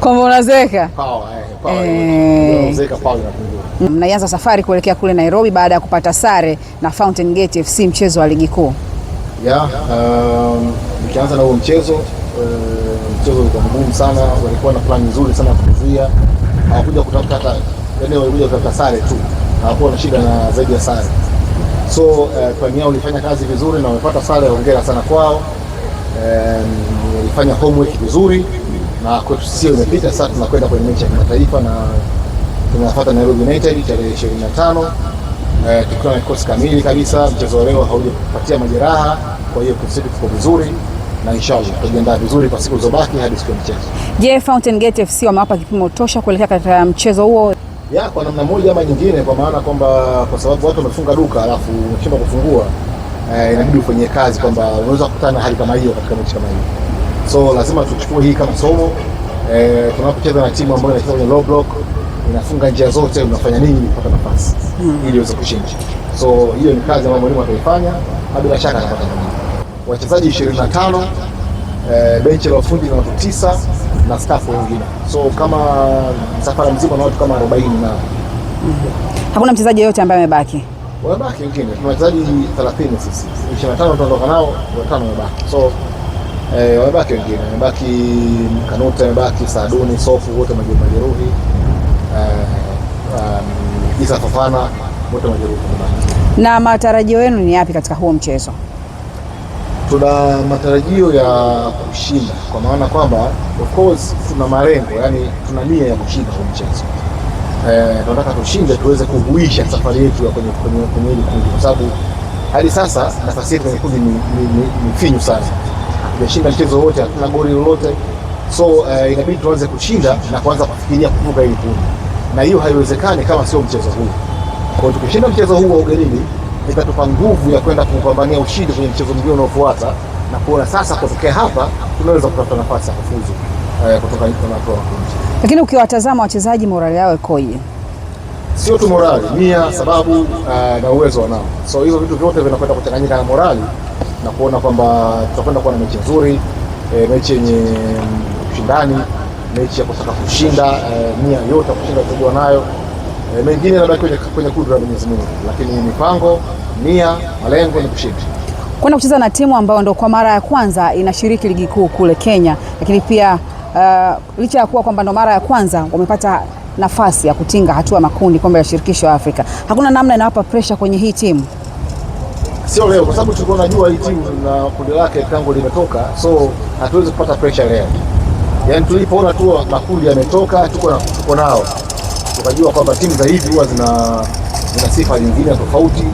kwamba unazeeka eh, eh. mnaianza safari kuelekea kule Nairobi baada ya kupata sare na Fountain Gate FC mchezo wa ligi kuu. Yeah, um, nikianza na huo mchezo uh, mchezo ulikuwa mgumu sana, walikuwa na plani nzuri sana kuzuia, hawakuja kutafuta hata yani, walikuja kutafuta sare tu, hawakuwa na shida na zaidi ya sare. So uh, plani yao ulifanya kazi vizuri na wamepata sare, hongera sana kwao um, walifanya homework vizuri na kwetu sisi imepita. Sasa tunakwenda kwenye mechi ya kimataifa na tunafuata Nairobi United tarehe 25 eh, tukiwa na kikosi kamili kabisa. Mchezo wa leo haujapatia majeraha, kwa hiyo kikosi tuko vizuri na inshallah tutajiandaa vizuri kwa siku zilizobaki hadi siku ya mchezo. Je, Fountain Gate FC wamewapa kipimo tosha kuelekea katika mchezo huo? Ya, kwa namna moja ama nyingine, kwa maana kwamba kwa sababu watu wamefunga duka alafu unashindwa kufungua, eh, inabidi ufanyie kazi kwamba unaweza kukutana hali kama hiyo katika mechi kama hiyo so lazima tuchukue hii kama somo e, tunapocheza na timu ambayo inacheza kwenye low block inafunga njia zote, unafanya nini kupata nafasi hmm, ili uweze kushinda. So hiyo ni kazi ambayo mwalimu ataifanya na bila shaka atapata wachezaji 25 eh, benchi la ufundi na watu tisa na staff wengine, so kama safari mzima na watu kama 40 na hmm. Hakuna mchezaji yote ambaye amebaki wamebaki wengine, tuna wachezaji 30 sisi, 25 tunatoka nao, 5 wamebaki so eh, wamebaki wengine, wamebaki Kanute, wamebaki Saduni, Sofu, wote majeruhi eh, um, Isa Fafana, wote majeruhi. Na matarajio yenu ni yapi katika huo mchezo? Tuna matarajio ya kushinda, kwa maana kwamba of course tuna malengo, yani tuna nia ya kushinda huo mchezo. Eh, tunataka tushinde tuweze kuhuisha safari yetu ya kwenye kwenye hili kundi, kwa sababu hadi sasa nafasi yetu kwenye kundi ni finyu sana tumeshinda mchezo wote, hatuna goli lolote, so uh, inabidi tuanze kushinda na kuanza kufikiria kuvuka hili kundi, na hiyo haiwezekani kama sio mchezo huu. Kwa hiyo tukishinda mchezo huu wa ugenini itatupa nguvu ya kwenda kupambania ushindi kwenye mchezo mwingine unaofuata na kuona sasa kutokea hapa tunaweza kutafuta nafasi ya kufuzu uh, kutoka hatua lakini ukiwatazama wachezaji morali yao ikoje? Sio tu morali, nia, sababu uh, na uwezo wanao, so hizo vitu vyote vinakwenda kuchanganyika na morali na kuona kwamba tutakwenda kuwa na mechi nzuri e, mechi yenye ushindani, mechi ya kutaka kushinda e, nia yote ya kushinda tutakuwa nayo e, mengine labda kwenye, kwenye kudra ya Mwenyezi Mungu, lakini mipango, nia, malengo ni kushinda kwenda kucheza na timu ambayo ndo kwa mara ya kwanza inashiriki ligi kuu kule Kenya, lakini pia uh, licha ya kuwa kwamba ndo mara ya kwanza wamepata nafasi ya kutinga hatua makundi kombe la shirikisho Afrika, hakuna namna inawapa presha kwenye hii timu sio leo, kwa sababu tulikuwa tunajua hii timu na kundi lake tangu limetoka, so hatuwezi kupata pressure leo. Yani tulipoona tu makundi yametoka, tuko nao, tukajua kwamba timu za hivi huwa zina, zina sifa nyingine tofauti,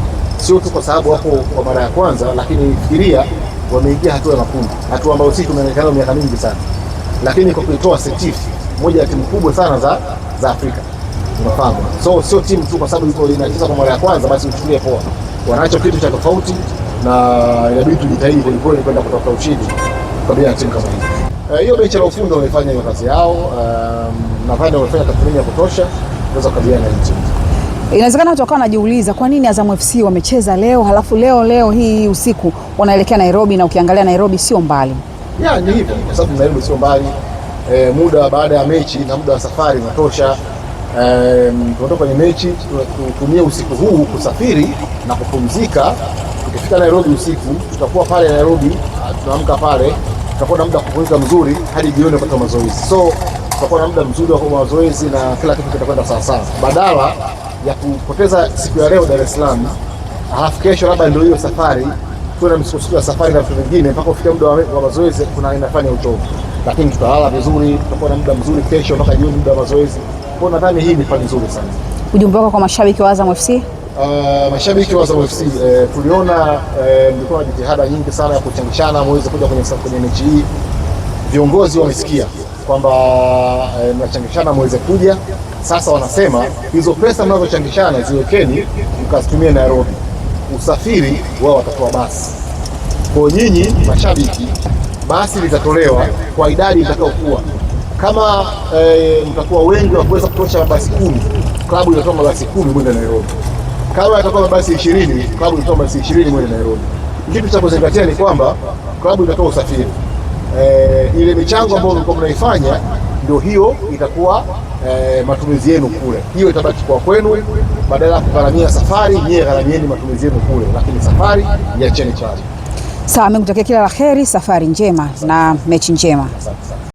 sio tu kwa sababu wako kwa mara ya kwanza, lakini fikiria wameingia hatua ya makundi, hatua ambayo sisi tumeonekana miaka mingi sana, lakini kwa kuitoa Setif, moja ya timu kubwa sana za, za Afrika, unafahamu. So sio timu tu kwa sababu inacheza kwa mara ya kwanza, basi uchukulie poa wanacho kitu cha tofauti, na inabidi tujitahidi kwelikweli kwenda kutafuta ushindi kabla ya timu kama hii. Eh, hiyo benchi la ufundi wamefanya hiyo kazi yao, um, nadhani wamefanya tathmini ya kutosha kuweza kukabiliana na timu. Inawezekana watu wakawa wanajiuliza kwa nini Azam FC wamecheza leo halafu leo leo hii usiku wanaelekea Nairobi, na ukiangalia Nairobi sio mbali. Ya, ni hivyo kwa sababu Nairobi sio mbali. E, muda baada ya mechi na muda wa safari unatosha tunatoka kwenye mechi, tutumie usiku huu kusafiri na kupumzika. Tukifika Nairobi usiku, tutakuwa pale Nairobi, tunaamka pale, tutakuwa na muda wa kupumzika mzuri hadi jioni kwa mazoezi. So tutakuwa na muda mzuri wa mazoezi na kila kitu kitakwenda sawa sawa, badala ya kupoteza siku ya leo Dar es Salaam, halafu kesho labda ndio hiyo safari kuna msukosuko wa safari na vitu vingine, mpaka ufike muda wa mazoezi kuna inafanya uchovu, lakini tutalala vizuri, tutakuwa na muda mzuri kesho mpaka jioni, muda wa mazoezi. Kwa nadhani hii ni fani nzuri sana. Ujumbe wako kwa mashabiki wa Azam FC? Uh, ah, mashabiki wa Azam FC eh, tuliona mlikuwa eh, na jitihada nyingi sana ya kuchangishana mweze kuja kwenye kwenye mechi hii. Viongozi wamesikia kwamba eh, mnachangishana mweze kuja. Sasa wanasema hizo pesa mnazochangishana ziwekeni mkazitumie Nairobi. Usafiri wao watatoa basi. Kwa nyinyi mashabiki basi litatolewa kwa idadi itakayokuwa kama eh, mtakuwa wengi wa kuweza kutosha mabasi kumi, klabu itatoa mabasi kumi kwenda Nairobi. Kama itakuwa mabasi ishirini, klabu inatoa mabasi ishirini kwenda Nairobi. Kitu cha kuzingatia ni kwamba klabu itatoa usafiri eh, ile michango ambayo mlikuwa mnaifanya ndio hiyo itakuwa eh, matumizi yenu kule, hiyo itabaki kwa kwenu. Badala ya kugharamia safari, nyewe gharamieni matumizi yenu kule, lakini safari iacheni chache. Sawa, mimi kila la heri, safari njema na mechi njema.